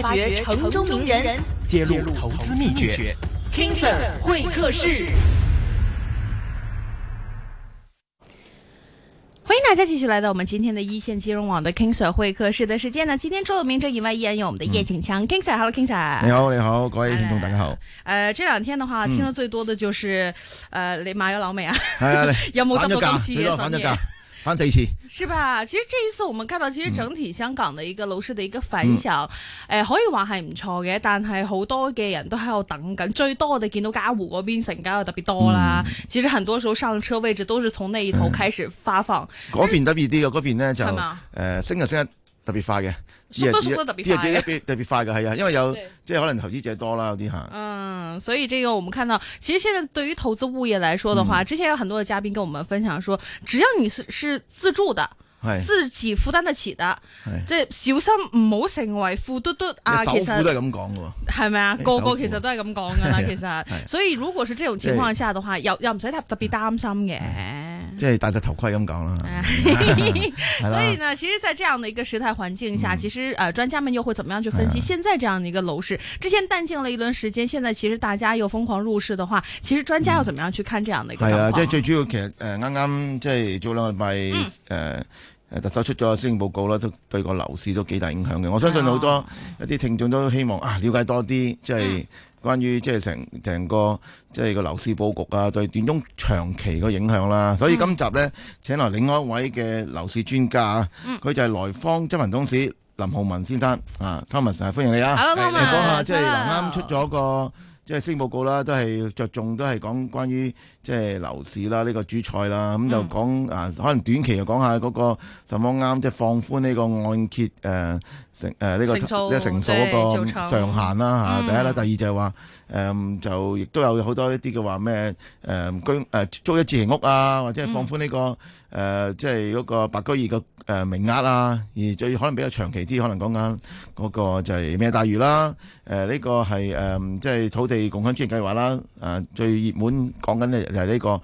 發掘城中，中名人，揭露投資秘訣。KingSir 會客室，歡迎大家繼續來到我們今天的一線金融網的 KingSir 會客室的時間呢。今天除了明哲以外，依然有我們的葉景強。嗯、KingSir，Hello，KingSir，你好，你好，各位聽眾大家好，哎。呃，這兩天的話，嗯、聽得最多的就是呃，馬友老美啊，哎哎， 有沒有這麼多東西啊？翻四次，是吧？其實這一次我們看到，其實整體香港的一個樓市的一個反響，誒、嗯嗯呃，可以話係唔錯嘅，但係好多嘅人都喺度等緊，最多我哋見到嘉湖嗰邊成交又特別多啦、嗯。其實很多時候上車位置都是從那一頭開始發放，嗰、嗯、邊特別啲嘅，嗰邊呢就誒、呃，星期一。特別快嘅，都特別特別特別快嘅。係啊，因為有即係可能投資者多啦，有啲吓。嗯，所以呢個我哋看到，其實現在對於投資物業來說嘅話、嗯，之前有很多嘅嘉賓跟我們分享說，只要你是是自住的，自己負擔得起的，即係小心唔好成為富嘟嘟啊。其實都係咁講嘅，係咪？啊個個其實都係咁講噶啦。其實，所以如果係呢種情況下嘅話，又又唔使特別擔心嘅。即係戴隻頭盔咁講啦，所以呢，其實，在這樣的一個時態環境下，嗯，其實，誒、呃，專家們又會怎麼樣去分析現在這樣的一個樓市啊？之前淡靜了一段時間，現在其實大家又瘋狂入市的話，其實專家又怎麼樣去看這樣的一個？係、嗯、啊，即係最主要，其實誒，啱啱即係早兩個禮拜誒誒特首出咗施政報告啦，都對個樓市都幾大影響嘅。我相信好多、哦、一啲聽眾都希望啊，了解多啲，即、就、係、是。嗯關於即係成成個即係個,個樓市佈局啊，對短中長期個影響啦、啊。所以今集咧請嚟另外一位嘅樓市專家啊，佢、嗯、就係萊坊執行董事林浩文先生啊，Thomas 啊，歡迎你啊。Hello 講下即係啱出咗個即係星報告啦，都係着重都係講關於即係、就是、樓市啦，呢、這個主菜啦。咁就講、嗯、啊，可能短期就講下嗰個什麼啱，即、就、係、是、放寬呢個按揭誒。呃誒呢、呃這個呢、這個成數個上限啦吓、就是啊、第一啦、嗯，第二就係話誒就亦都有好多一啲嘅話咩誒居誒租一自型屋啊，或者係放寬呢、這個誒即係個白居易嘅誒名額啊，而最可能比較長期啲，可能講緊、那個就係咩大嶼啦，誒、呃、呢、這個係誒即係土地共享專計劃啦，誒、呃、最熱門講緊咧就係呢個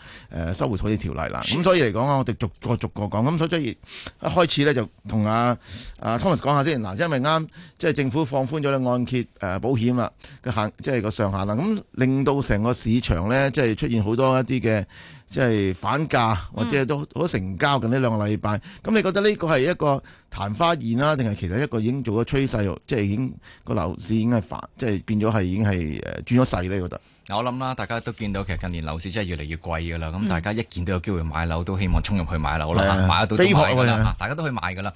誒收回土地條例啦，咁所以嚟講啊，我哋逐個逐個講，咁所以一開始咧就同阿阿 Thomas 講下先嗱，啊因為啱，即係政府放寬咗咧按揭誒保險啊嘅限，即係個上限啦。咁令到成個市場咧，即係出現好多一啲嘅，即係反價，或者都好多成交近兩。近呢兩個禮拜，咁你覺得呢個係一個曇花現啦，定係其實一個已經做咗趨勢？即、就、係、是、已經個樓市已經係反，即係變咗係已經係誒轉咗勢呢？我覺得。我諗啦，大家都見到其實近年樓市真係越嚟越貴噶啦。咁、嗯、大家一見都有機會買樓，都希望衝入去買樓啦、啊，買得到非都買、啊、大家都去買噶啦。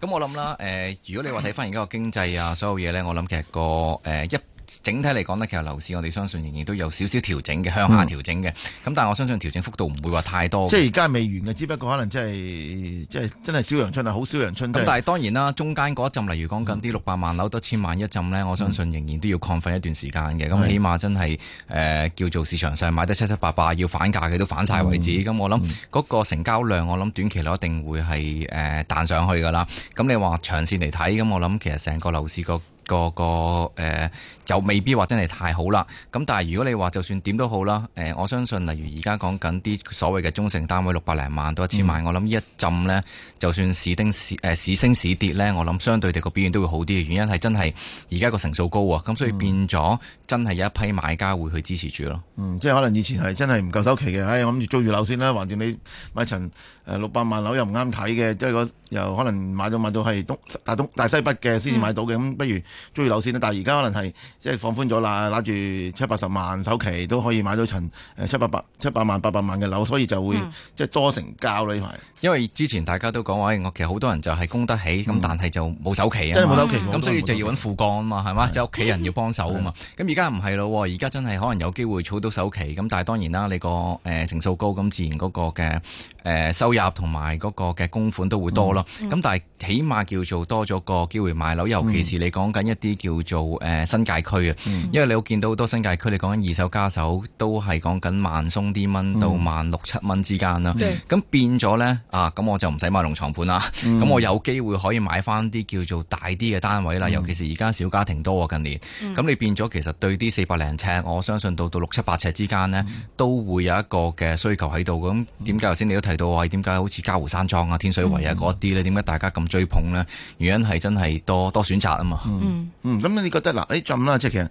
咁我諗啦，誒、呃，如果你話睇翻而家個經濟啊，所有嘢咧，我諗其實、個誒一。呃整體嚟講呢，其實樓市我哋相信仍然都有少少調整嘅，向下調整嘅。咁、嗯、但係我相信調整幅度唔會話太多。即係而家未完嘅，只不過可能、就是就是、真係，即係真係小陽春啊，好小陽春。咁、就是、但係當然啦，中間嗰一浸，例如講緊啲六百萬樓得千萬一浸呢，我相信仍然都要亢奮一段時間嘅。咁、嗯、起碼真係誒、呃、叫做市場上買得七七八八要反價嘅都反晒為止。咁、嗯嗯、我諗嗰、嗯、個成交量，我諗短期內一定會係誒、呃、彈上去噶啦。咁你話長綫嚟睇，咁我諗其實成個樓市個。個個誒、呃、就未必話真係太好啦。咁但係如果你話就算點都好啦，呃，我相信例如而家講緊啲所謂嘅中成單位六百零萬到一千萬，嗯、我諗呢一浸呢，就算市丁市誒市升市跌呢，我諗相對地個表現都會好啲嘅。原因係真係而家個成數高啊，咁所以變咗真係有一批買家會去支持住咯、嗯。即係可能以前係真係唔夠首期嘅，唉、哎，諗住租住樓先啦，橫掂你買層六百、呃、萬樓又唔啱睇嘅，即係個又可能買到買到係大東大西北嘅先至買到嘅，咁、嗯、不如。追樓先啦，但係而家可能係即係放寬咗啦，攞住七八十萬首期都可以買到層誒七百八百七百萬八百萬嘅樓，所以就會即係多成交啦呢排。因為之前大家都講話、哎，我其實好多人就係供得起，咁、嗯、但係就冇首期啊，即係冇首期，咁、嗯嗯、所以就要揾父幹啊嘛，係嘛，即係屋企人要幫手啊嘛。咁而家唔係咯，而家真係可能有機會儲到首期，咁但係當然啦，你個誒成數高，咁自然嗰個嘅誒收入同埋嗰個嘅供款都會多咯。咁、嗯嗯、但係起碼叫做多咗個機會買樓，尤其是你講緊，嗯一啲叫做、呃、新界區啊、嗯，因為你會見到好多新界區，你講緊二手加手都係講緊萬鬆啲蚊、嗯、到萬六七蚊之間啦。咁、嗯、變咗呢，啊，咁我就唔使買龍牀盤啦。咁、嗯、我有機會可以買翻啲叫做大啲嘅單位啦，尤其是而家小家庭多喎，近年。咁、嗯、你變咗其實對啲四百零尺，我相信到到六七百尺之間呢、嗯，都會有一個嘅需求喺度。咁點解頭先你都提到話點解好似嘉湖山莊啊、天水圍啊嗰啲呢？點、嗯、解大家咁追捧呢？原因係真係多多選擇啊嘛。嗯嗯，咁你覺得嗱、啊？你浸啦即係其實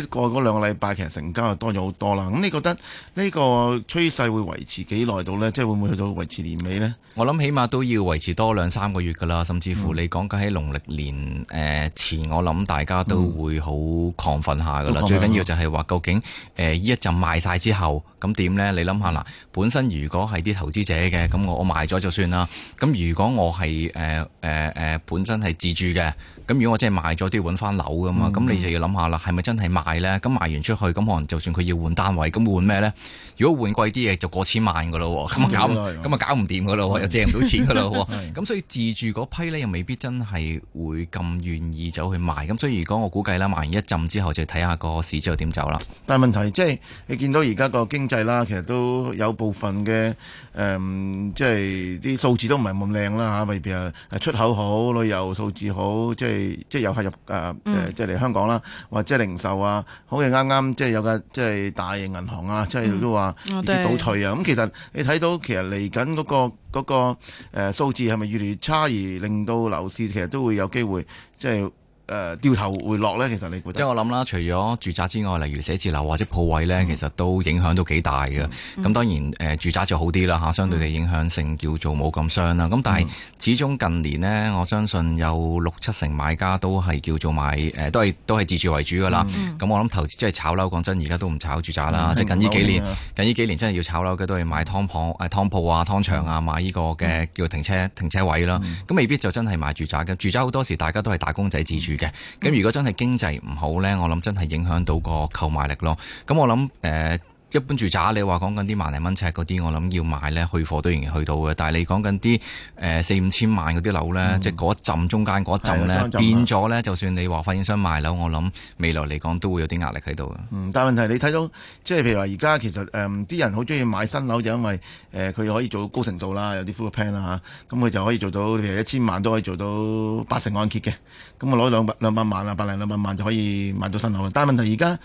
呢個嗰兩個禮拜其實成交又多咗好多啦。咁你覺得呢個趨勢會維持幾耐到呢？即係會唔會去到維持年尾呢？我諗起碼都要維持多兩三個月噶啦，甚至乎你講緊喺農曆年誒前，嗯、我諗大家都會好亢奮下噶啦、嗯嗯嗯嗯。最緊要就係話，究竟呃、呢一陣賣晒之後咁點呢？你諗下啦本身如果係啲投資者嘅，咁我我賣咗就算啦。咁如果我係誒誒誒本身係自住嘅。咁如果我真係賣咗都要揾翻樓噶嘛，咁、嗯、你就要諗下啦，係咪真係賣咧？咁賣完出去，咁可能就算佢要換單位，咁換咩咧？如果換貴啲嘢，就過千萬噶咯，咁搞，咁啊搞唔掂噶咯，又借唔到錢噶咯，咁所以自住嗰批咧又未必真係會咁願意走去賣。咁所以如果我估計啦，賣完一浸之後，就睇下個市之後點走啦。但係問題即係、即係、你見到而家個經濟啦，其實都有部分嘅誒，即係啲數字都唔係咁靚啦嚇，未必啊出口好，旅遊數字好，即係。即係有客入誒誒，即係嚟香港啦，嗯、或者係零售啊，好似啱啱即係有間即係大型銀行啊，即係都話已經倒退啊。咁、嗯、其實你睇到其實嚟緊嗰個嗰、嗰個誒數字係咪越嚟越差，而令到樓市其實都會有機會即係。就是誒、呃、調頭回落咧，其實你即係、就是、我諗啦，除咗住宅之外，例如寫字樓或者鋪位咧，其實都影響到幾大嘅。咁、嗯、當然、呃、住宅就好啲啦，相對嘅影響性叫做冇咁傷啦。咁、嗯、但係始終近年呢，我相信有六七成買家都係叫做買都係都係自住為主㗎啦。咁、嗯嗯、我諗投資即係炒樓，講真而家都唔炒住宅啦、嗯。即係近呢幾年，近呢幾年真係要炒樓嘅都係買劏鋪誒劏鋪啊、劏場啊、買呢個嘅叫停車停車位啦。咁、嗯、未必就真係買住宅嘅，住宅好多時大家都係打工仔自住。咁如果真係經濟唔好咧，我諗真係影響到個購買力咯。咁我諗誒。呃一般住宅，你話講緊啲萬零蚊尺嗰啲，我諗要買咧，去貨都仍然去到嘅。但係你講緊啲誒四五千萬嗰啲樓咧、嗯，即係嗰一陣中間嗰陣咧，變咗咧，啊、就算你話發展商賣樓，我諗未來嚟講都會有啲壓力喺度嘅。但係問題你睇到，即係譬如話而家其實誒啲、嗯、人好中意買新樓，就因為誒佢、呃、可以做到高成數啦，有啲 full plan 啦、啊、嚇，咁、嗯、佢就可以做到譬如一千萬都可以做到八成按揭嘅，咁、嗯、我攞兩百兩百萬啊，百零兩百萬就可以買到新樓。但係問題而家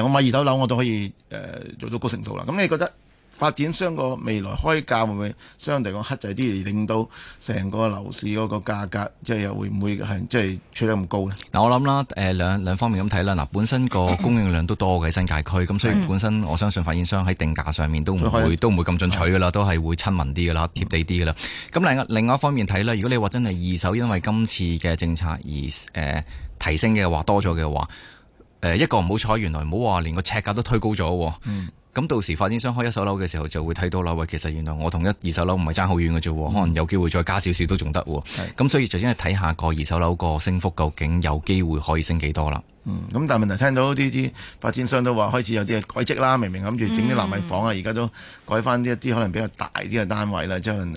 誒我買二手樓，我都可以誒。呃到高程度啦，咁你覺得發展商個未來開價會唔會相對講克制啲，令到成個樓市嗰個價格即係又會唔會係即係出得咁高呢？嗱，我諗啦，誒兩,兩方面咁睇啦。嗱，本身個供應量都多嘅新界區，咁所以本身我相信發展商喺定價上面都唔會、嗯、都唔會咁進取噶啦，都係會親民啲噶啦，貼地啲噶啦。咁、嗯、另外一，另外一方面睇啦，如果你話真係二手，因為今次嘅政策而、呃、提升嘅話多咗嘅話、呃，一個唔好彩，原來唔好話連個尺價都推高咗。嗯。咁到時發展商開一手樓嘅時候，就會睇到啦。喂，其實原來我同一二手樓唔係爭好遠嘅啫，可能有機會再加少少都仲得。咁、嗯、所以就應該睇下個二手樓個升幅究竟有機會可以升幾多啦。咁、嗯、但係問題聽到呢啲發展商都話開始有啲改則啦，明明諗住整啲納米房啊，而、嗯、家都改翻一啲可能比較大啲嘅單位啦，即係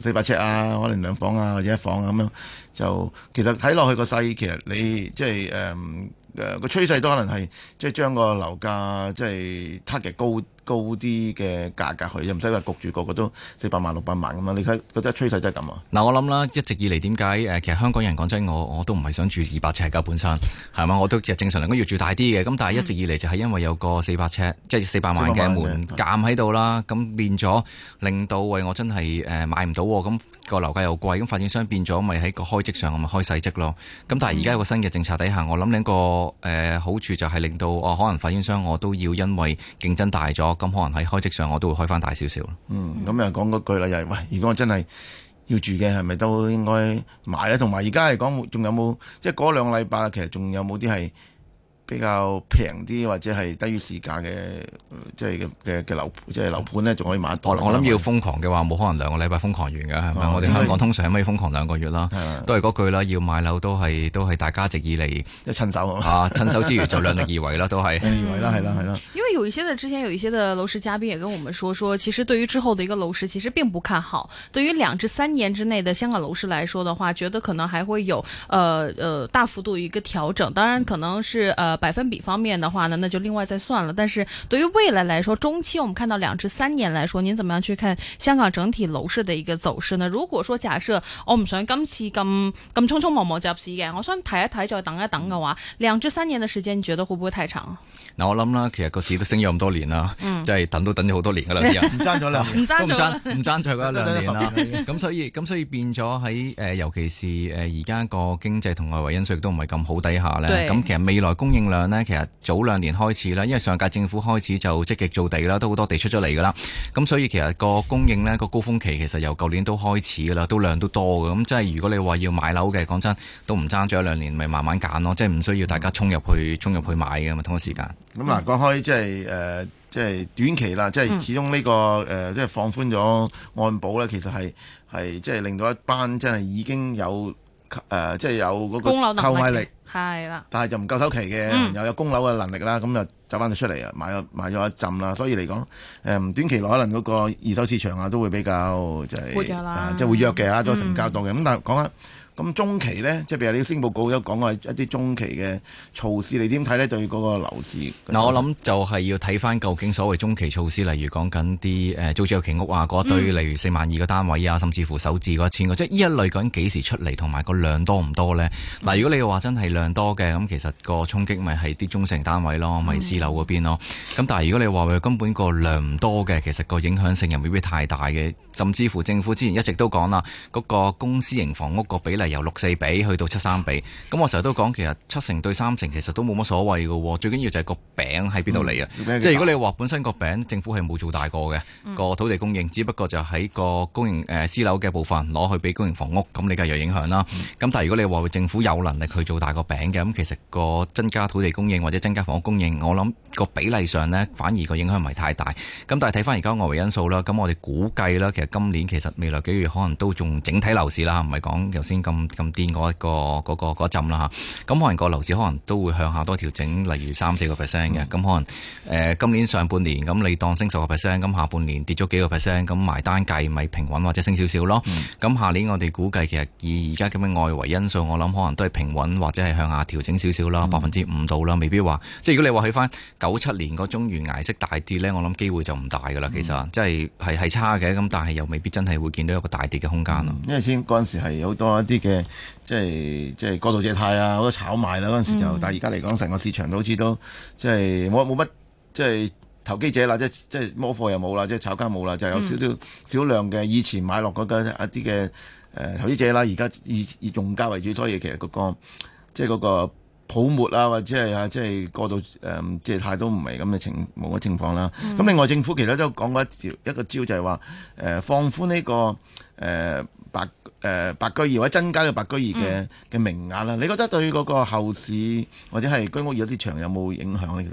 四百尺啊，可能兩房啊或者一房啊咁樣就。就其實睇落去個細，其實你即係誒個趨勢都可能係，即係將個樓價，即係 target 高。高啲嘅價格去，又唔使話焗住個個都四百萬六百萬咁樣。你睇，覺得趨勢真係咁啊！嗱，我諗啦，一直以嚟點解？誒，其實香港人講真，我我都唔係想住二百尺㗎本身，係嘛？我都其實正常嚟講要住大啲嘅。咁但係一直以嚟就係因為有個四百尺，即係四百萬嘅門檻喺度啦，咁變咗令到喂，我真係誒買唔到喎。咁個樓價又貴，咁發展商變咗咪喺個開積上咪開細積咯。咁但係而家有個新嘅政策底下，我諗呢個、呃、好處就係令到我、呃、可能發展商我都要因為競爭大咗。咁可能喺開職上，我都會開翻大少少咯。嗯，咁又講嗰句啦，又係喂，如果我真係要住嘅，係咪都應該買咧？同埋而家嚟講，仲有冇即係嗰兩禮拜啊？其實仲有冇啲係？比較平啲或者係低於市價嘅，即係嘅嘅樓盤，即係樓盤呢，仲可以買多。我我諗要瘋狂嘅話，冇可能兩個禮拜瘋狂完㗎，係咪？我哋香港通常可以瘋狂兩個月啦，都係嗰句啦。要買樓都係都係大家直以嚟，即係趁手嚇趁手之餘就量力而為啦， 都係因為有一些嘅之前有一些嘅樓市嘉賓也跟我們說，說，說其實對於之後的一個樓市，其實並不看好。對於兩至三年之內的香港樓市來說的話，覺得可能還會有，呃呃大幅度一個調整。當然可能是，呃。百分比方面的話呢，那就另外再算了。但是對於未來來說，中期我們看到兩至三年來說，您怎麼樣去看香港整體樓市的一個走勢呢？如果說假設我唔想今次咁咁，嗯、匆匆忙忙入市嘅，我想睇一睇再等一等嘅話，兩至三年的時間，你覺得會不會太長？嗱，我諗啦，其實個市都升咗咁多年啦，即，嗯、係等都等咗好多年噶啦，唔爭咗兩年，唔爭唔爭咗嗰兩年啦。咁 所以咁所以變咗喺誒，尤其是誒而家個經濟同外圍因素都唔係咁好底下咧，咁其實未來供應。量呢，其實早兩年開始啦，因為上屆政府開始就積極做地啦，都好多地出咗嚟噶啦。咁所以其實個供應呢個高峰期，其實由舊年都開始噶啦，都量都多噶。咁即係如果你話要買樓嘅，講真都唔爭咗兩年咪慢慢揀咯，即係唔需要大家衝入去衝入去買噶嘛，同一時間。咁、嗯、啊，講開即係誒，即、呃、係、就是、短期啦，即、就、係、是、始終呢、這個誒，即、呃、係、就是、放寬咗按保咧，其實係係即係令到一班即係已經有誒，即、呃、係、就是、有嗰個購買力。係啦，但係就唔夠首期嘅，又有供樓嘅能力啦，咁、嗯、就走翻佢出嚟啊，買咗買咗一浸啦，所以嚟講，唔、呃、短期內可能嗰個二手市場啊都會比較就係即係會弱嘅啊，做、嗯、成交度嘅，咁但係講緊。咁中期呢，即係譬如你啲施政報告有講一啲中期嘅措施，你點睇呢？就要嗰個樓市嗱，我諗就係要睇翻究竟所謂中期措施，例如講緊啲誒租者置其屋啊，嗰堆、嗯、例如四萬二個單位啊，甚至乎首置嗰一千個，即係呢一類究竟幾時出嚟，同埋個量多唔多呢？嗱，如果你話真係量多嘅，咁其實個衝擊咪係啲中成單位咯，咪私樓嗰邊咯。咁、嗯、但係如果你話根本個量唔多嘅，其實個影響性又未必太大嘅。甚至乎政府之前一直都講啦，嗰、那個、公私營房屋個比例。由六四比去到七三比，咁我成日都講，其實七成對三成其實都冇乜所謂噶，最緊要就係個餅喺邊度嚟啊。即係如果你話本身個餅政府係冇做大過嘅個土地供應，只不過就喺個公營、誒私樓嘅部分攞去俾公營房屋，咁你梗係有影響啦。咁、嗯、但係如果你話政府有能力去做大個餅嘅，咁其實個增加土地供應或者增加房屋供應，我諗個比例上呢反而個影響唔係太大。咁但係睇翻而家外圍因素啦，咁我哋估計啦，其實今年其實未來幾個月可能都仲整體樓市啦，唔係講頭先咁。咁咁嗰一個嗰個嗰陣啦吓，咁可能個樓市可能都會向下多調整，例如三四個 percent 嘅，咁可能誒、呃、今年上半年咁你當升十個 percent，咁下半年跌咗幾個 percent，咁埋單計咪平穩或者升少少咯。咁、嗯、下年我哋估計其實以而家咁嘅外圍因素，我諗可能都係平穩或者係向下調整少少啦，百分之五度啦，未必話即係如果你話去翻九七年個中原崖式大跌呢，我諗機會就唔大噶啦。其實、嗯、即係係係差嘅，咁但係又未必真係會見到有個大跌嘅空間。因為先嗰陣時係好多一啲嘅即係即係過度借貸啊，好多炒賣啦嗰陣時就。但係而家嚟講成個市場好都好似都即係冇冇乜即係投機者啦，即係即係摩貨又冇啦，即係炒家冇啦，就係、是、有少少少量嘅以前買落嗰個一啲嘅誒投資者啦，而家以以用家為主，所以其實嗰個即係嗰個。即那個泡沫啊，或者係啊、呃，即係過度誒，即係太多唔係咁嘅情，冇乜情況啦。咁、mm-hmm. 另外政府其實都講過一條一個招、就是，就係話誒放寬呢、這個誒、呃、白誒、呃、白居易或者增加嘅白居易嘅嘅名額啦。Mm-hmm. 你覺得對嗰個後市或者係居屋有啲場有冇影響呢？其實。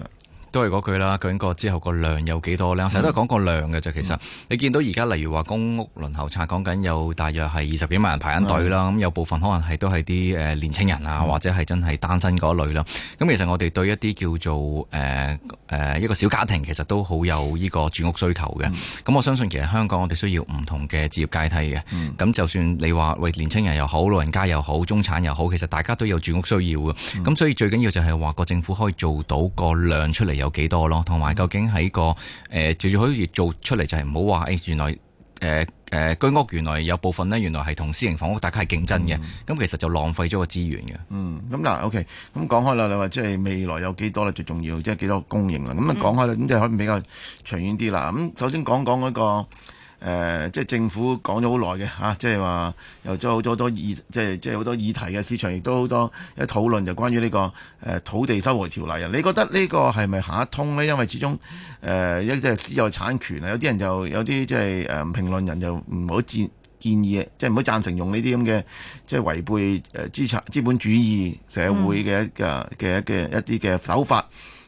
都係嗰句啦，究竟個之後個量有幾多咧？我成日都講個量嘅啫。其實你見到而家例如話公屋輪候冊講緊有大約係二十幾萬人排緊隊啦。咁有部分可能係都係啲誒年青人啊、嗯，或者係真係單身嗰類啦。咁其實我哋對一啲叫做誒誒、呃呃、一個小家庭其實都好有呢個住屋需求嘅。咁、嗯、我相信其實香港我哋需要唔同嘅置業階梯嘅。咁、嗯、就算你話喂年青人又好，老人家又好，中產又好，其實大家都有住屋需要嘅。咁、嗯、所以最緊要就係話個政府可以做到個量出嚟有幾多咯？同埋究竟喺依個誒住住好業做出嚟，就係唔好話誒原來誒誒、呃呃、居屋原來有部分咧，原來係同私營房屋大家係競爭嘅。咁、嗯、其實就浪費咗個資源嘅。嗯，咁嗱 OK，咁講開啦，你話即係未來有幾多咧？最重要即係幾多供應啦。咁啊講開咧，咁即係可以比較長遠啲啦。咁首先講講嗰個。誒、呃，即係政府講咗好耐嘅嚇，即係話有咗好多議，即係即係好多議題嘅市場，亦都好多一討論就關於呢、這個誒、呃、土地收回條例啊。你覺得呢個係咪行得通呢？因為始終誒、呃、一即係私有產權啊，有啲人就有啲即係誒評論人就唔好建建議即係唔好贊成用呢啲咁嘅即係違背誒資產資本主義社會嘅、嗯、一嘅嘅一啲嘅手法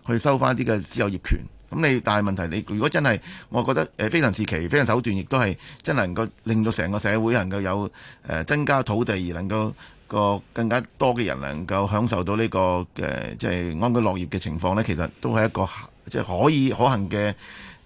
去收翻啲嘅私有業權。咁你但係問題你，你如果真係，我覺得非常時期、非常手段，亦都係真能夠令到成個社會能夠有誒、呃、增加土地而能夠個更加多嘅人能夠享受到呢、這個誒即係安居樂業嘅情況呢，其實都係一個即係、就是、可以可行嘅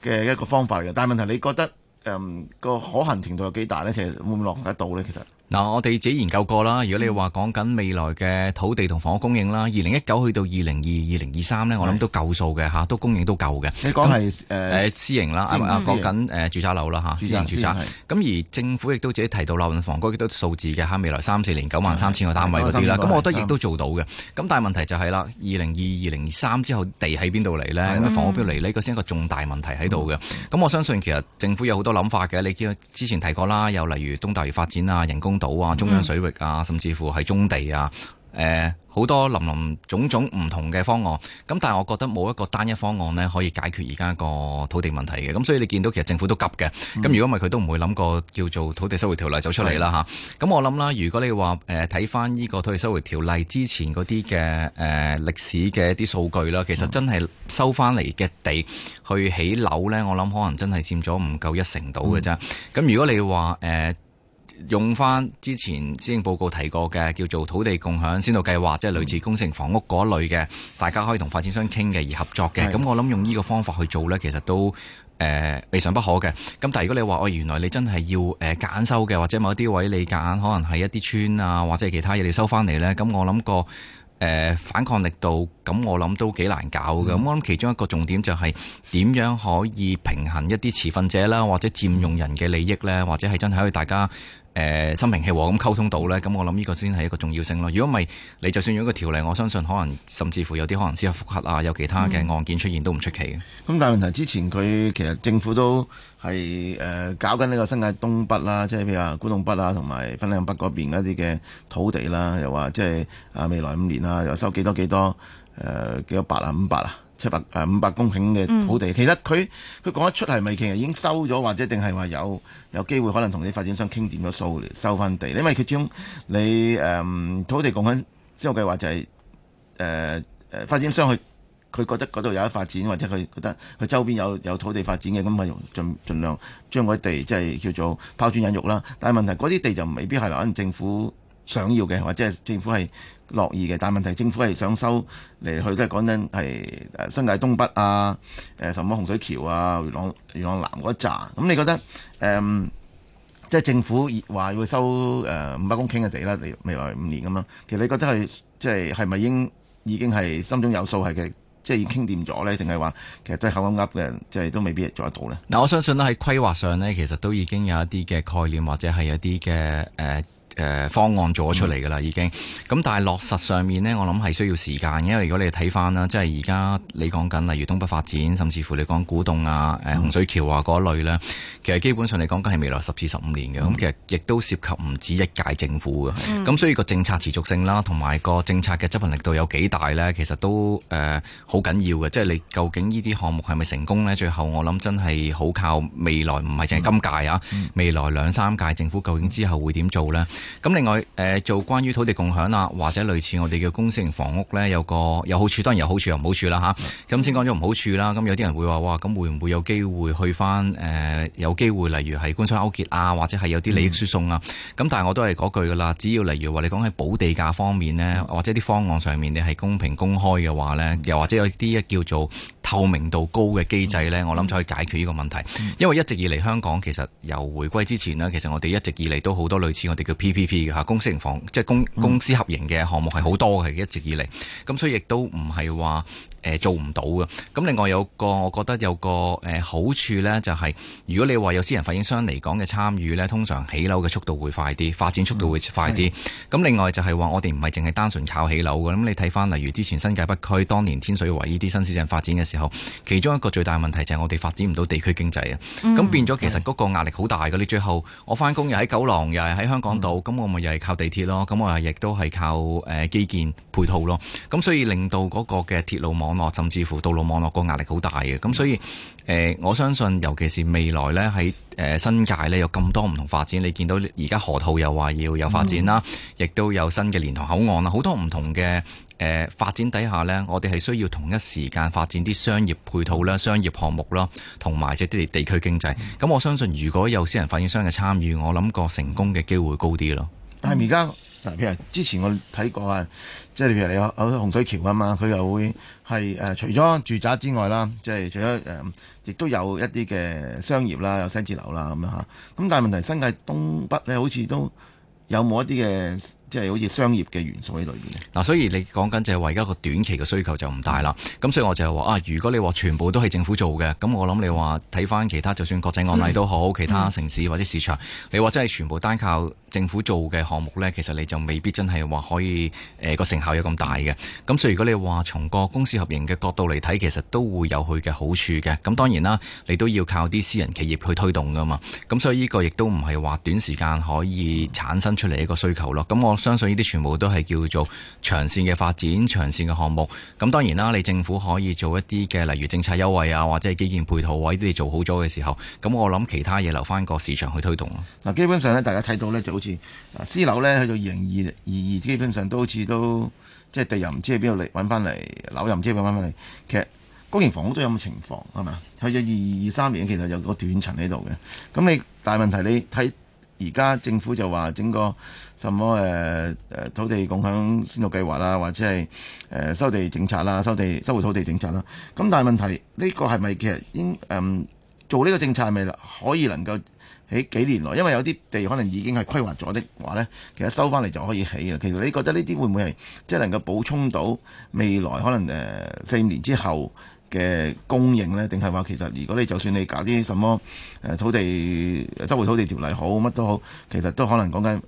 嘅一個方法嚟嘅。但係問題，你覺得誒、呃、個可行程度有幾大呢？其實會唔會落得到呢？其實？嗱，我哋自己研究過啦。如果你話講緊未來嘅土地同房屋供應啦，二零一九去到二零二二零二三呢，我諗都夠數嘅都供應都夠嘅。你講係誒私營啦，講講緊住宅樓啦私人住宅。咁而政府亦都自己提到樓房嗰啲都數字嘅未來三四年九萬三千個單位嗰啲啦。咁我覺得亦都做到嘅。咁但係問題就係、是、啦，二零二二零三之後地喺邊度嚟呢？房屋標嚟呢個先係一個重大問題喺度嘅。咁、嗯、我相信其實政府有好多諗法嘅。你見之前提過啦，又例如中大發展啊，人工島、嗯、啊，中央水域啊，甚至乎係棕地啊，誒、呃，好多林林種種唔同嘅方案。咁但係我覺得冇一個單一方案咧，可以解決而家個土地問題嘅。咁所以你見到其實政府都急嘅。咁如果唔係佢都唔會諗過叫做土地收回條例走出嚟啦吓。咁、啊、我諗啦，如果你話誒睇翻呢個土地收回條例之前嗰啲嘅誒歷史嘅一啲數據啦，其實真係收翻嚟嘅地去起樓咧，我諗可能真係佔咗唔夠一成到嘅啫。咁、嗯、如果你話誒，呃用翻之前施政報告提過嘅叫做土地共享先導計劃，即係類似公營房屋嗰類嘅，大家可以同發展商傾嘅而合作嘅。咁我諗用呢個方法去做呢，其實都、呃、未嘗不可嘅。咁但如果你話我原來你真係要夾硬、呃、收嘅，或者某一啲位你夾硬，可能係一啲村啊，或者其他嘢你收翻嚟呢。咁我諗個、呃、反抗力度，咁我諗都幾難搞嘅。咁、嗯、我諗其中一個重點就係、是、點樣可以平衡一啲持份者啦，或者佔用人嘅利益呢，或者係真係可以大家。誒、呃、心平氣和咁溝通到呢，咁我諗呢個先係一個重要性咯。如果唔係，你就算用一個條例，我相信可能甚至乎有啲可能之後覆核啊，有其他嘅案件出現都唔出奇嘅。咁、嗯嗯、但係問題之前佢其實政府都係誒、呃、搞緊呢個新界東北啦，即係譬如啊古洞北啊同埋粉嶺北嗰邊一啲嘅土地啦，又話即係啊未來五年啊又收幾多幾多誒幾、呃、多百啊五百啊。七百誒五百公頃嘅土地，其實佢佢講得出係咪其實已經收咗，或者定係話有有機會可能同啲發展商傾掂咗數嚟收翻地？因為佢將你誒、嗯、土地講緊、就是，即係我嘅就係誒誒發展商去佢覺得嗰度有得發展，或者佢覺得佢周邊有有土地發展嘅，咁咪盡儘量將嗰啲地即係、就是、叫做拋磚引玉啦。但係問題嗰啲地就未必係可能政府。想要嘅，或者係政府係樂意嘅，但係問題係政府係想收嚟去，即係講緊係新界東北啊，誒、呃、什麼洪水橋啊、元朗元朗南嗰扎，咁你覺得誒、嗯，即係政府話要收誒、呃、五百公頃嘅地啦，未未來五年咁樣，其實你覺得係即係係咪應已經係心中有數係嘅，即係傾掂咗呢？定係話其實真係口咁噏嘅，即係都未必做得到呢。嗱，我相信呢，喺規劃上呢，其實都已經有一啲嘅概念或者係有一啲嘅誒。呃誒、呃、方案做出嚟㗎啦，已經咁，但係落實上面呢，我諗係需要時間嘅。因為如果你睇翻啦，即係而家你講緊例如東北發展，甚至乎你講古洞啊、嗯、洪水橋啊嗰類呢，其實基本上你講緊係未來十至十五年嘅。咁、嗯、其實亦都涉及唔止一屆政府嘅。咁、嗯、所以個政策持續性啦，同埋個政策嘅執行力度有幾大呢，其實都誒好緊要嘅。即係你究竟呢啲項目係咪成功呢？最後我諗真係好靠未來，唔係淨係今屆、嗯、啊！未來兩三屆政府究竟之後會點做呢？咁另外做關於土地共享啊，或者類似我哋叫公營房屋呢，有個有好處，當然有好處又唔好處啦吓。咁先講咗唔好處啦，咁有啲人會話哇，咁會唔會有機會去返誒、呃、有機會，例如係官商勾結啊，或者係有啲利益輸送啊？咁、嗯、但係我都係嗰句噶啦，只要例如話你講喺保地價方面呢，或者啲方案上面你係公平公開嘅話呢、嗯，又或者有啲叫做透明度高嘅機制呢、嗯，我諗就可以解決呢個問題、嗯。因為一直以嚟香港其實由回歸之前呢，其實我哋一直以嚟都好多類似我哋叫 P- A P P 嘅吓，公私營房即係公公司合營嘅項目係好多嘅，一直以嚟，咁所以亦都唔係話。做唔到嘅，咁另外有個我覺得有個好處呢、就係，就係如果你話有私人發展商嚟講嘅參與呢，通常起樓嘅速度會快啲，發展速度會快啲。咁、嗯、另外就係話我哋唔係淨係單純靠起樓嘅，咁你睇翻例如之前新界北區當年天水圍呢啲新市鎮發展嘅時候，其中一個最大問題就係我哋發展唔到地區經濟啊。咁、嗯、變咗其實嗰個壓力好大嘅。你、嗯、最後我翻工又喺九龍，又係喺香港島。咁、嗯、我咪又係靠地鐵咯，咁我亦都係靠基建配套咯。咁所以令到嗰個嘅鐵路網。網絡，甚至乎道路網絡個壓力好大嘅，咁所以，誒、呃，我相信尤其是未來呢，喺誒、呃、新界呢，有咁多唔同發展，你見到而家河套又話要有發展啦，亦、嗯、都有新嘅蓮塘口岸啦，好多唔同嘅誒、呃、發展底下呢，我哋係需要同一時間發展啲商業配套啦、商業項目啦，同埋即係啲地區經濟。咁我相信如果有私人發展商嘅參與，我諗個成功嘅機會會高啲咯。但係而家。嗱，譬如之前我睇過啊，即係譬如你有洪水橋啊嘛，佢又會係誒除咗住宅之外啦，即係除咗誒，亦都有，有一啲嘅商業啦，有寫字樓啦咁樣吓。咁但係問題新界東北咧，好似都有冇一啲嘅，即係好似商業嘅元素喺裏面。嗱、嗯，所以你講緊就係話而家個短期嘅需求就唔大啦。咁所以我就係、是、話啊，如果你話全部都係政府做嘅，咁我諗你話睇翻其他，就算國際案例都好、嗯，其他城市或者市場，你話真係全部單靠。政府做嘅項目呢，其實你就未必真係話可以誒個、呃、成效有咁大嘅。咁所以如果你話從個公司合營嘅角度嚟睇，其實都會有佢嘅好處嘅。咁當然啦，你都要靠啲私人企業去推動噶嘛。咁所以呢個亦都唔係話短時間可以產生出嚟一個需求咯。咁我相信呢啲全部都係叫做長線嘅發展、長線嘅項目。咁當然啦，你政府可以做一啲嘅，例如政策優惠啊，或者係基建配套位啲嘢做好咗嘅時候，咁我諗其他嘢留翻個市場去推動咯。基本上呢，大家睇到呢。嗱，私樓咧去到二零二二二，22, 22, 基本上都好似都即係地又唔知喺邊度嚟揾翻嚟，樓又唔知揾翻翻嚟。其實公營房屋都有咁嘅情況，係嘛？去咗二二二三年，其實有個斷層喺度嘅。咁你大問題你，你睇而家政府就話整個什麼誒誒、呃、土地共享先導計劃啦，或者係誒、呃、收地政策啦，收地收回土地政策啦。咁但係問題呢、呢個係咪其實應嗯？做呢個政策係咪可以能夠喺幾年內，因為有啲地可能已經係規劃咗的話呢，其實收翻嚟就可以起喇。其實你覺得呢啲會唔會係即係能夠補充到未來可能四五年之後嘅供應呢？定係話其實如果你就算你搞啲什麼土地收回土地條例好乜都好，其實都可能講緊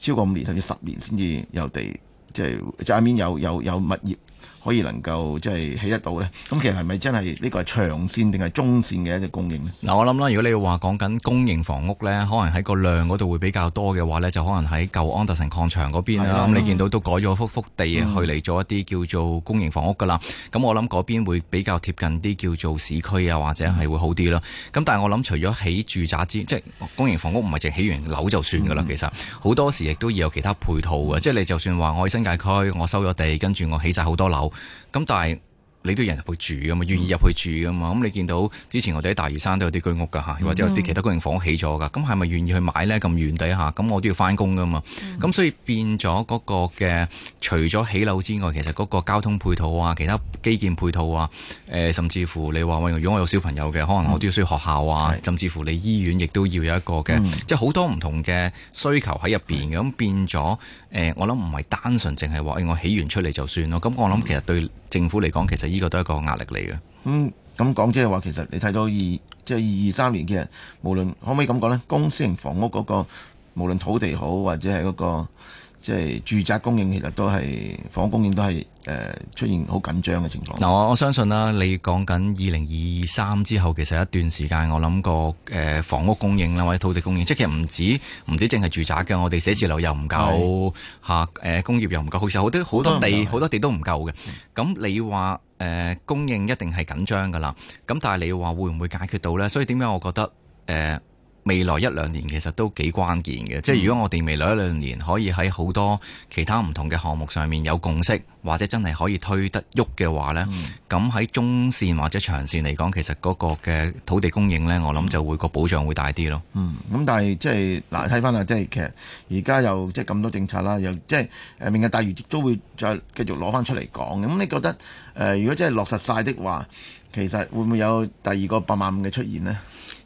超過五年甚至十年先至有地，即係入面有有有物業。可以能夠即係起得到呢？咁其實係咪真係呢個係長線定係中線嘅一隻供應呢？嗱，我諗啦，如果你話講緊公營房屋呢，可能喺個量嗰度會比較多嘅話呢，就可能喺舊安達臣礦場嗰邊啦。咁你見到都改咗幅幅地，嗯、去嚟咗一啲叫做公營房屋噶啦。咁我諗嗰邊會比較貼近啲叫做市區啊，或者係會好啲咯。咁、嗯、但係我諗除咗起住宅之，即公營房屋唔係淨起完樓就算噶啦、嗯。其實好多時亦都要有其他配套嘅、嗯。即你就算話我喺新界區，我收咗地，跟住我起晒好多樓。咁但係。你都要人入去住噶嘛？願意入去住噶嘛？咁、嗯、你見到之前我哋喺大嶼山都有啲居屋噶、嗯、或者有啲其他公營房屋起咗噶，咁係咪願意去買呢？咁遠啲吓，咁我都要翻工噶嘛？咁、嗯、所以變咗嗰個嘅，除咗起樓之外，其實嗰個交通配套啊，其他基建配套啊，呃、甚至乎你話喂，如果我有小朋友嘅，可能我都要需要學校啊、嗯，甚至乎你醫院亦都要有一個嘅、嗯，即係好多唔同嘅需求喺入邊嘅。咁、嗯、變咗、呃、我諗唔係單純淨係話，我起完出嚟就算咯。咁我諗其實對、嗯。政府嚟講，其實呢個都係一個壓力嚟嘅。咁咁講，即係話其實你睇到二即係二二三年嘅，無論可唔可以咁講呢？公私型房屋嗰個無論土地好或者係嗰個。即係住宅供應，其實都係房屋供應都係誒、呃、出現好緊張嘅情況、嗯。嗱，我相信啦，你講緊二零二三之後，其實一段時間，我諗過誒房屋供應啦，或者土地供應，即係其實唔止唔止淨係住宅嘅，我哋寫字樓又唔夠嚇，誒的、啊呃、工業又唔夠，其實好多好多地好多，多地都唔夠嘅。咁的你話誒、呃、供應一定係緊張㗎啦，咁但係你話會唔會解決到呢？所以點解我覺得誒，呃未來一兩年其實都幾關鍵嘅，即係如果我哋未來一兩年可以喺好多其他唔同嘅項目上面有共識，或者真係可以推得喐嘅話呢，咁喺中線或者長線嚟講，其實嗰個嘅土地供應呢，我諗就會個、嗯、保障會大啲咯。嗯，咁但係即係嗱，睇翻啦，即係其實而家又即係咁多政策啦，又即係誒明日大嶼都會再繼續攞翻出嚟講。咁你覺得誒，如果真係落實晒的話，其實會唔會有第二個八萬五嘅出現呢？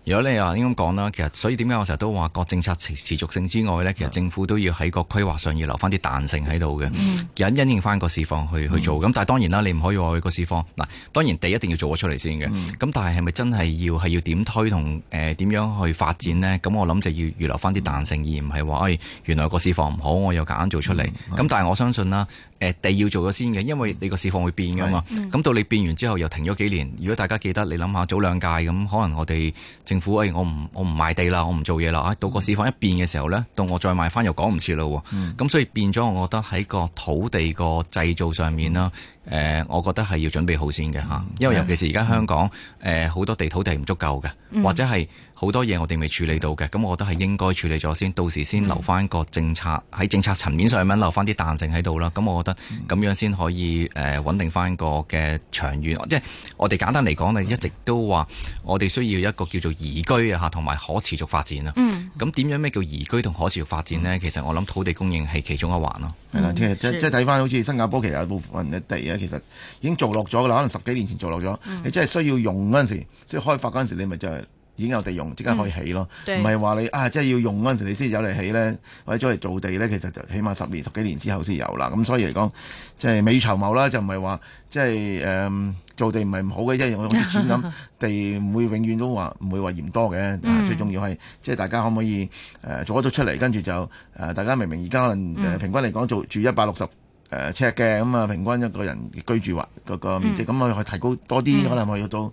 如果你話應該講啦，其實所以點解我成日都話，個政策持持續性之外呢，其實政府都要喺個規劃上要留翻啲彈性喺度嘅，引、嗯、因應翻個市況去、嗯、去做。咁但係當然啦，你唔可以話個市況嗱，當然地一定要做咗出嚟先嘅。咁、嗯、但係係咪真係要係要點推同誒點樣去發展呢？咁我諗就要預留翻啲彈性，嗯、而唔係話誒原來個市況唔好，我又夾硬做出嚟。咁、嗯、但係我相信啦。誒地要做咗先嘅，因為你個市況會變㗎嘛。咁、嗯、到你變完之後又停咗幾年。如果大家記得，你諗下早兩屆咁，可能我哋政府喂，我唔我唔賣地啦，我唔做嘢啦。到個市況一變嘅時候呢，到我再賣翻又講唔切啦。咁、嗯、所以變咗，我覺得喺個土地個製造上面啦。誒、呃，我覺得係要準備好先嘅嚇，因為尤其是而家香港誒好、呃、多地土地唔足夠嘅，或者係好多嘢我哋未處理到嘅，咁、嗯、我覺得係應該處理咗先，到時先留翻個政策喺、嗯、政策層面上面留翻啲彈性喺度啦。咁我覺得咁樣先可以誒穩、嗯呃、定翻個嘅長遠，即係我哋簡單嚟講呢、嗯、一直都話我哋需要一個叫做宜居啊嚇同埋可持續發展啊。咁、嗯、點樣咩叫宜居同可持續發展呢？嗯、其實我諗土地供應係其中一環咯。即係即係睇翻好似新加坡，其實有部分嘅地啊，其實已經做落咗噶啦，可能十幾年前做落咗、嗯。你真係需要用嗰陣時，即係開發嗰陣時，你咪就已經有地用，即刻可以起咯。唔係話你啊，即係要用嗰陣時，你先有嚟起咧，或者再嚟做造地咧，其實就起碼十年、十幾年之後先有啦。咁所以嚟講，即係未雨綢繆啦，就唔係話即係誒。就是嗯做地唔係唔好嘅，因為我好似錢，咁，地唔會永遠都話唔會話嫌多嘅。 最重要係，即、就、係、是、大家可唔可以誒、呃、做得到出嚟，跟住就誒、呃、大家明明而家可能、 呃、平均嚟講做住一百六十。誒尺嘅咁啊，平均一個人居住或個個面積，咁可以提高多啲，可能可以到誒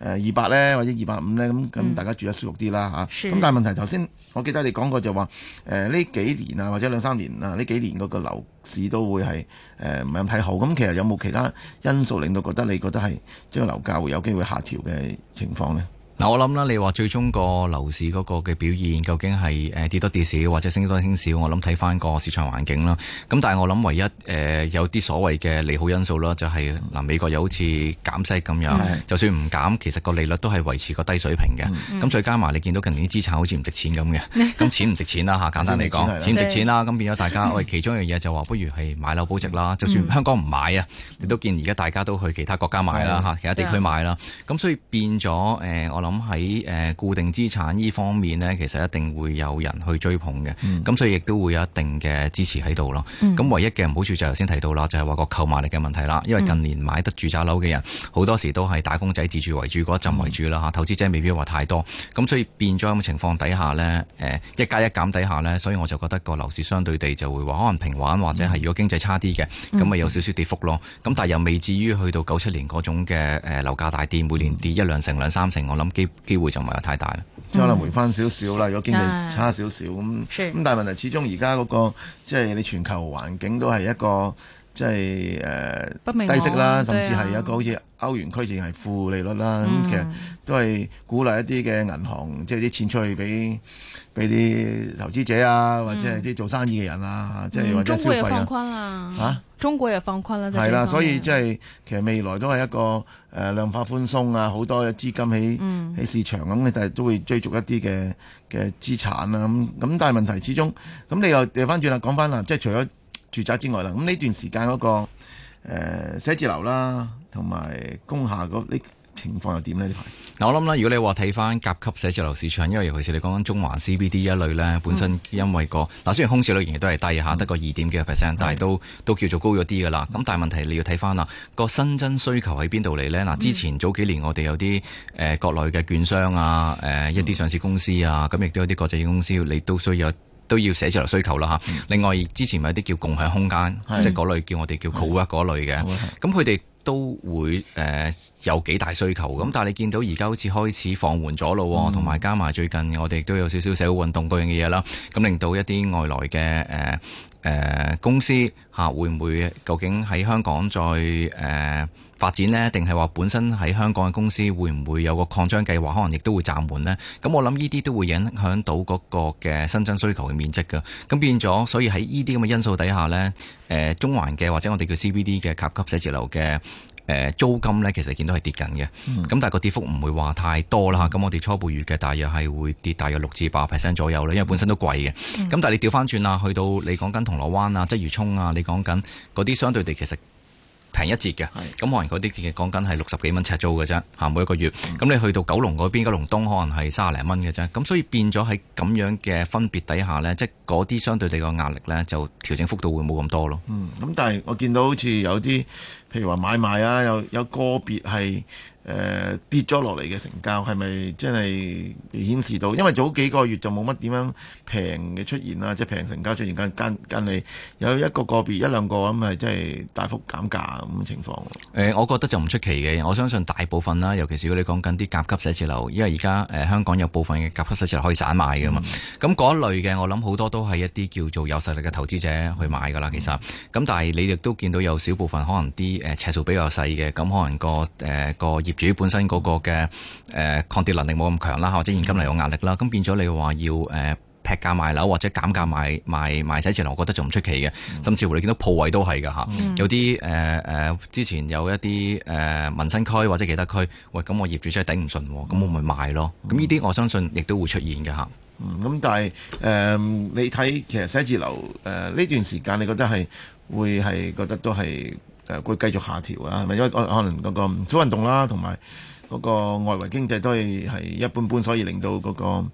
二百咧，或者二百五咧，咁、嗯、咁、嗯、大家住得舒服啲啦吓咁、啊、但係問題頭先，我記得你講過就話誒呢幾年啊，或者兩三年啊，呢幾年個個樓市都會係誒唔係咁睇好。咁、嗯、其實有冇其他因素令到覺得你覺得係即係樓價會有機會下調嘅情況咧？嗱，我諗啦，你話最終個樓市嗰個嘅表現究竟係誒跌多跌少，或者升多升少，我諗睇翻個市場環境啦。咁但係我諗唯一誒、呃，有啲所謂嘅利好因素啦，就係、是、嗱、呃，美國又好似減息咁樣，就算唔減，其實個利率都係維持個低水平嘅。咁再加埋，你見到近年啲資產好似唔值錢咁嘅，咁 錢唔值錢啦、啊、吓，簡單嚟講， 錢唔值錢啦、啊，咁 變咗大家，喂，其中一樣嘢就話，不如係買樓保值啦。就算香港唔買啊， 你都見而家大家都去其他國家買啦吓，其他地區買啦。咁所以變咗誒、呃，我諗。咁喺誒固定資產呢方面呢，其實一定會有人去追捧嘅，咁、嗯、所以亦都會有一定嘅支持喺度咯。咁、嗯、唯一嘅唔好處就頭先提到啦，就係、是、話個購買力嘅問題啦。因為近年買得住宅樓嘅人好、嗯、多時都係打工仔自住為主、嗰一陣為主啦、嗯啊、投資者未必話太多。咁所以變咗咁嘅情況底下呢、呃，一加一減底下呢，所以我就覺得個樓市相對地就會話可能平穩，或者係如果經濟差啲嘅，咁、嗯、咪有少少跌幅咯。咁但係又未至於去到九七年嗰種嘅誒樓價大跌，每年跌一兩成兩三成，我諗。機會就唔係話太大啦，即係可能回翻少少啦。如果經濟差少少咁，咁、嗯、但係問題始終而家嗰個即係你全球環境都係一個即係誒低息啦，甚至係一個好似歐元區淨係負利率啦。咁、嗯、其實都係鼓勵一啲嘅銀行，即係啲錢出去俾。俾啲投資者啊，或者係啲做生意嘅人啊，即、嗯、係或者消費人，呀，中國又放寬啦，係、啊、啦，所以即、就、係、是、其實未來都係一個、呃、量化寬鬆啊，好多嘅資金喺喺、嗯、市場咁，你就都會追逐一啲嘅嘅資產啦、啊。咁咁但係問題始終咁，你又掉翻轉啦，講翻啦，即係除咗住宅之外啦，咁呢段時間嗰、那個誒、呃、寫字樓啦，同埋工廈嗰呢？情況又點咧？呢排嗱，我諗啦，如果你話睇翻甲級寫字樓市場，因為尤其是你講緊中環 CBD 一類咧，嗯、本身因為、那個嗱，雖然空置率仍然、嗯、都係低下，得個二點幾個 percent，但係都都叫做高咗啲噶啦。咁、嗯、但係問題你要睇翻啊，個新增需求喺邊度嚟呢？嗱、嗯，之前早幾年我哋有啲誒、呃、國內嘅券商啊，誒、呃、一啲上市公司啊，咁亦都有啲國際公司，你都需要都要寫字樓需求啦吓。嗯、另外，之前咪有啲叫共享空間，是即係嗰類叫我哋叫 co-work 嗰類嘅，咁佢哋。都會誒、呃、有幾大需求咁，但係你見到而家好似開始放緩咗咯，同、嗯、埋加埋最近我哋都有少少社會運動嗰樣嘅嘢啦，咁令到一啲外來嘅誒誒公司嚇、啊、會唔會究竟喺香港再誒呃發展呢定係話本身喺香港嘅公司會唔會有個擴張計劃？可能亦都會暫緩呢？咁我諗呢啲都會影響到嗰個嘅新增需求嘅面積㗎。咁變咗，所以喺呢啲咁嘅因素底下呢、呃，中環嘅或者我哋叫 CBD 嘅甲級寫字樓嘅租金呢，其實見到係跌緊嘅。咁、mm. 但係個跌幅唔會話太多啦。咁我哋初步預計，大約係會跌大約六至八 percent 左右啦。因為本身都貴嘅。咁、mm. 但係你調翻轉啊，去到你講緊銅鑼灣啊、鰂魚涌啊，你講緊嗰啲相對地其實。平一截嘅，咁可能嗰啲嘅講緊係六十幾蚊尺租嘅啫，嚇每一個月。咁你去到九龍嗰邊，嗯，九龍東可能係三十零蚊嘅啫。咁所以變咗喺咁樣嘅分別底下呢，即係嗰啲相對地個壓力呢，就調整幅度會冇咁多咯。嗯，咁但係我見到好似有啲。譬如話買賣啊，有有個別係、呃、跌咗落嚟嘅成交，係咪真係顯示到？因為早幾個月就冇乜點樣平嘅出現啦，即係平成交出現，間間你有一個個別一兩個咁係真係大幅減價咁嘅情況、呃。我覺得就唔出奇嘅，我相信大部分啦，尤其是如果你講緊啲甲級寫字樓，因為而家、呃、香港有部分嘅甲級寫字樓可以散賣㗎嘛。咁、嗯、嗰一類嘅，我諗好多都係一啲叫做有實力嘅投資者去買㗎啦、嗯。其實，咁但係你亦都見到有少部分可能啲。誒、呃、尺數比較細嘅，咁可能個誒、呃、個業主本身嗰個嘅誒抗跌能力冇咁強啦，或者現金流有壓力啦，咁變咗你話要誒劈、呃、價賣樓或者減價賣賣賣寫字樓，我覺得仲唔出奇嘅。嗯、甚至乎你見到鋪位都係嘅嚇，嗯、有啲誒誒之前有一啲誒、呃、民生區或者其他區，喂咁我業主真係頂唔順，咁我咪賣咯。咁呢啲我相信亦都會出現嘅嚇。咁、嗯嗯、但係誒、呃、你睇其實寫字樓誒呢、呃、段時間，你覺得係會係覺得都係。誒會繼續下調啊，因為可能嗰個少運動啦，同埋嗰個外圍經濟都係係一般般，所以令到嗰、那個。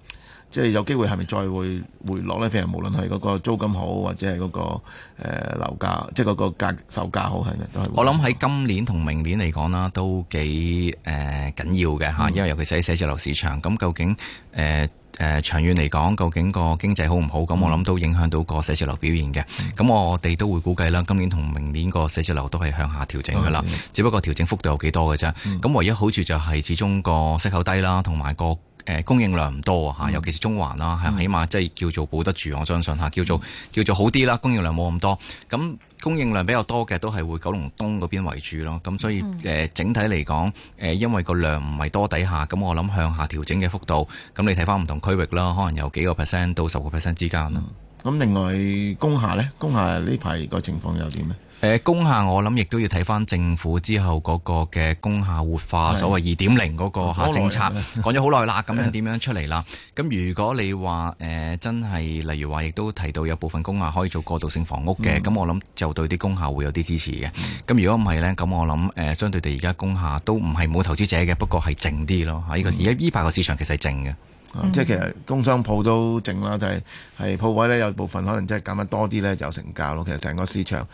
即係有機會係咪再會回落咧？譬如無論係嗰個租金好，或者係嗰、那個誒、呃、樓價，即係嗰個價售價好，係咪都係？我諗喺今年同明年嚟講啦，都幾誒、呃、緊要嘅嚇，因為尤其是喺寫字樓市場。咁、嗯、究竟誒誒、呃呃、長遠嚟講，究竟個經濟好唔好？咁、嗯、我諗都影響到個寫字樓表現嘅。咁、嗯、我哋都會估計啦，今年同明年個寫字樓都係向下調整嘅啦、嗯。只不過調整幅度有幾多嘅啫。咁、嗯、唯一好處就係始終個息口低啦，同埋、那個。誒、呃、供應量唔多啊，嚇，尤其是中環啦，係、嗯、起碼即係叫做保得住，我相信嚇，叫做、嗯、叫做好啲啦。供應量冇咁多，咁供應量比較多嘅都係會九龍東嗰邊為主咯。咁所以誒、呃、整體嚟講，誒、呃、因為個量唔係多底下，咁我諗向下調整嘅幅度，咁你睇翻唔同區域啦，可能有幾個 percent 到十個 percent 之間啦。咁、嗯、另外工廈呢？工廈呢排個情況又點咧？誒，工廈我諗亦都要睇翻政府之後嗰個嘅工廈活化，所謂二點零嗰個下政策，講咗好耐啦，咁點樣出嚟啦？咁 如果你話誒、呃、真係，例如話亦都提到有部分工廈可以做過渡性房屋嘅，咁、嗯、我諗就對啲工廈會有啲支持嘅。咁、嗯、如果唔係呢？咁我諗誒相對地而家工廈都唔係冇投資者嘅，不過係靜啲咯。吓、這個，依而家依排個市場其實係靜嘅。嗯、即係其實工商鋪都靜啦，就係係鋪位咧有部分可能即係減得多啲咧，就有成交咯。其實成個市場誒、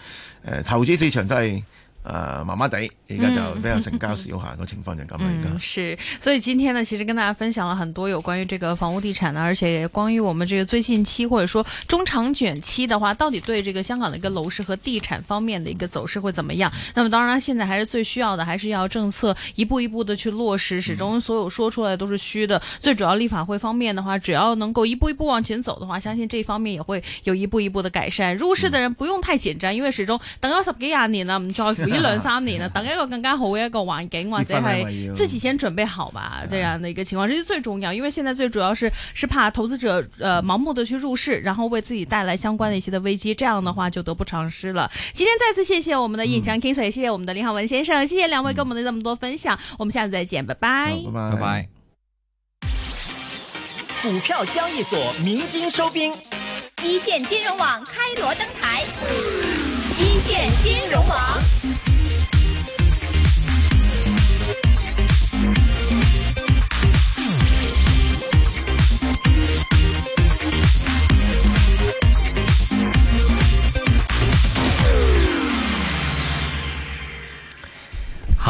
呃、投資市場都係。呃，麻麻地，而家就比較成交少下個情況就咁樣，而、嗯、家是，所以今天呢，其實跟大家分享了很多有關於這個房屋地產呢，而且也關於我們這個最近期或者說中長卷期的話，到底對這個香港的一個樓市和地產方面的一個走勢會怎麼樣？嗯、那麼當然，現在還是最需要的，還是要政策一步一步的去落實，始終所有說出來都是虛的、嗯。最主要立法會方面的話，只要能夠一步一步往前走的話，相信這一方面也會有一步一步的改善。入市的人不用太緊張、嗯，因為始終等咗十幾廿年呢，就要。一兩 三年了， 等一個更加好一個環境，或者係自己先準備好吧, 吧，這樣的一個情況，這是最重要。因為現在最主要是是怕投資者呃盲目的去入市，然後為自己帶來相關的一些的危機，這樣的話就得不償失了。今天再次謝謝我們的印強 Kris 謝謝我們的林浩文先生，謝謝兩位跟我們的這麼多分享，嗯、我們下次再見，拜拜，啊、拜拜、Bye-bye。股票交易所鳴金收兵，一線金融網開鑼登台，一線金融網。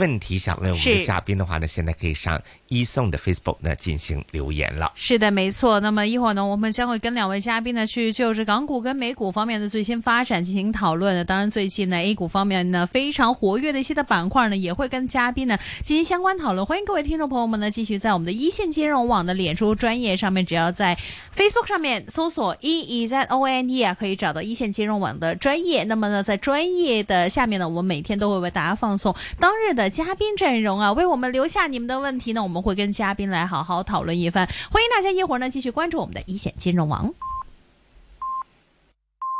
問題想問我們的嘉賓的話呢，現在可以上 ezone 的 Facebook 呢進行留言了。是的，沒錯。那麼一會兒呢，我們將會跟兩位嘉賓呢去就是港股跟美股方面的最新發展進行討論。當然，最近呢 A 股方面呢非常活躍的一些的板塊呢，也會跟嘉賓呢進行相關討論。歡迎各位聽眾朋友們呢繼續在我們的一線金融網的“臉書專頁”上面，只要在 Facebook 上面搜索 e z o n e 啊，可以找到一線金融網的專頁。那麼呢，在專頁的下面呢，我們每天都會為大家放送當日的。嘉賓陣容啊，為我們留下你們的問題呢，我們會跟嘉賓來好好討論一番。歡迎大家一會兒呢繼續關注我們的一綫金融網。